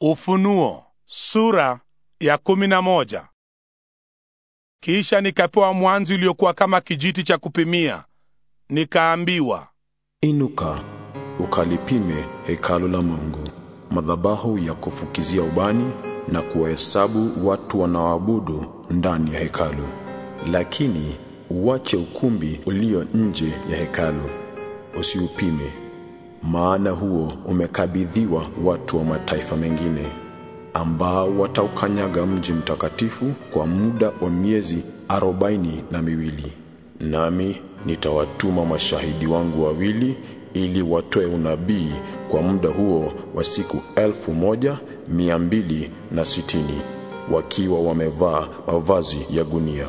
Ufunuo sura ya kumi na moja. Kisha nikapewa mwanzi uliokuwa kama kijiti cha kupimia, nikaambiwa, inuka ukalipime hekalu la Mungu, madhabahu ya kufukizia ubani na kuwahesabu watu wanaoabudu ndani ya hekalu, lakini uache ukumbi ulio nje ya hekalu, usiupime maana huo umekabidhiwa watu wa mataifa mengine ambao wataukanyaga mji mtakatifu kwa muda wa miezi arobaini na miwili nami nitawatuma mashahidi wangu wawili ili watoe unabii kwa muda huo wa siku elfu moja mia mbili na sitini wakiwa wamevaa mavazi ya gunia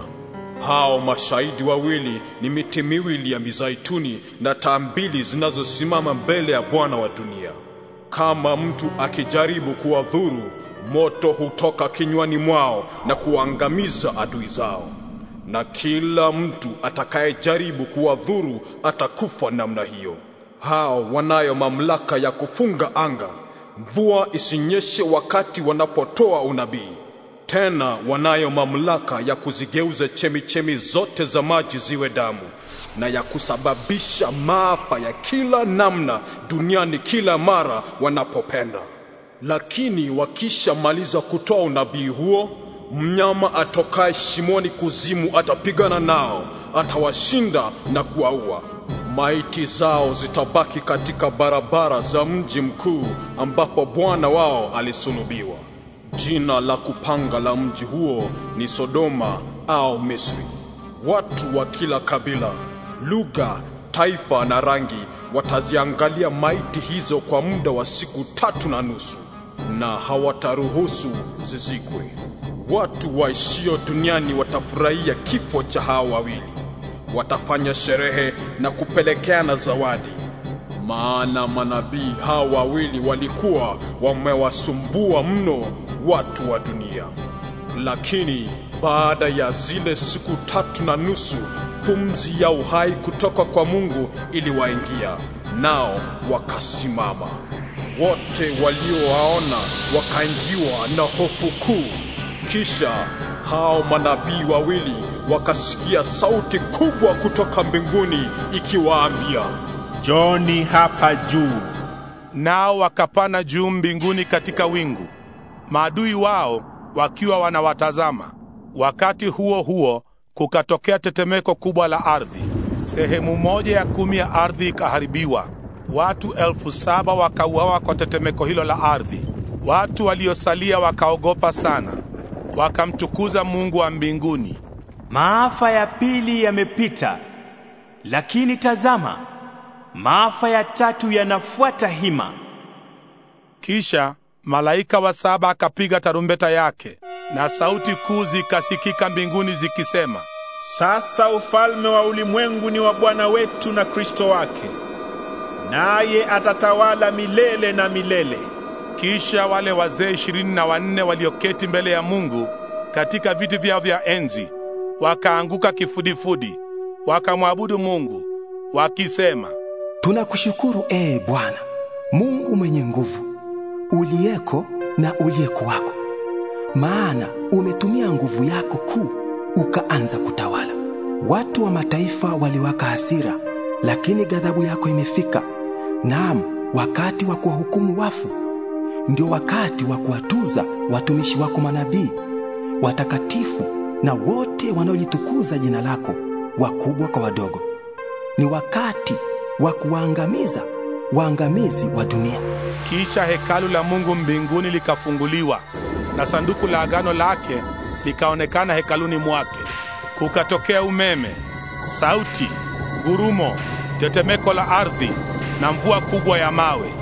hao mashahidi wawili ni miti miwili ya mizaituni na taa mbili zinazosimama mbele ya Bwana wa dunia. Kama mtu akijaribu kuwadhuru, moto hutoka kinywani mwao na kuangamiza adui zao, na kila mtu atakayejaribu kuwadhuru atakufa namna hiyo. Hao wanayo mamlaka ya kufunga anga, mvua isinyeshe wakati wanapotoa unabii tena wanayo mamlaka ya kuzigeuza chemichemi zote za maji ziwe damu na ya kusababisha maafa ya kila namna duniani kila mara wanapopenda. Lakini wakishamaliza kutoa unabii huo, mnyama atokaye shimoni kuzimu atapigana nao, atawashinda na kuwaua. Maiti zao zitabaki katika barabara za mji mkuu ambapo Bwana wao alisulubiwa. Jina la kupanga la mji huo ni Sodoma au Misri. Watu wa kila kabila, lugha, taifa na rangi wataziangalia maiti hizo kwa muda wa siku tatu na nusu, na hawataruhusu zizikwe. Watu waishio duniani watafurahia kifo cha hao wawili, watafanya sherehe na kupelekeana zawadi maana manabii hawa wawili walikuwa wamewasumbua mno watu wa dunia. Lakini baada ya zile siku tatu na nusu, pumzi ya uhai kutoka kwa Mungu iliwaingia, nao wakasimama. Wote waliowaona wakaingiwa na hofu kuu. Kisha hao manabii wawili wakasikia sauti kubwa kutoka mbinguni ikiwaambia Njoni hapa juu. Nao wakapana juu mbinguni katika wingu, maadui wao wakiwa wanawatazama. Wakati huo huo kukatokea tetemeko kubwa la ardhi. Sehemu moja ya kumi ya ardhi ikaharibiwa. Watu elfu saba wakauawa kwa tetemeko hilo la ardhi. Watu waliosalia wakaogopa sana, wakamtukuza Mungu wa mbinguni. Maafa ya pili yamepita, lakini tazama Maafa ya tatu yanafuata hima. Kisha malaika wa saba akapiga tarumbeta yake, na sauti kuu zikasikika mbinguni zikisema, sasa ufalme wa ulimwengu ni wa Bwana wetu na Kristo wake, naye atatawala milele na milele. Kisha wale wazee ishirini na wanne walioketi mbele ya Mungu katika viti vyao vya enzi wakaanguka kifudifudi, wakamwabudu Mungu wakisema Tunakushukuru ee Bwana Mungu mwenye nguvu, uliyeko na uliyekuwako, maana umetumia nguvu yako kuu ukaanza kutawala. Watu wa mataifa waliwaka hasira, lakini ghadhabu yako imefika, naam, wakati wa kuwahukumu wafu. Ndio wakati wa kuwatuza watumishi wako manabii watakatifu na wote wanaojitukuza jina lako, wakubwa kwa wadogo. Ni wakati wa kuwaangamiza waangamizi wa dunia. Kisha hekalu la Mungu mbinguni likafunguliwa na sanduku la agano lake likaonekana hekaluni mwake. Kukatokea umeme, sauti, ngurumo, tetemeko la ardhi na mvua kubwa ya mawe.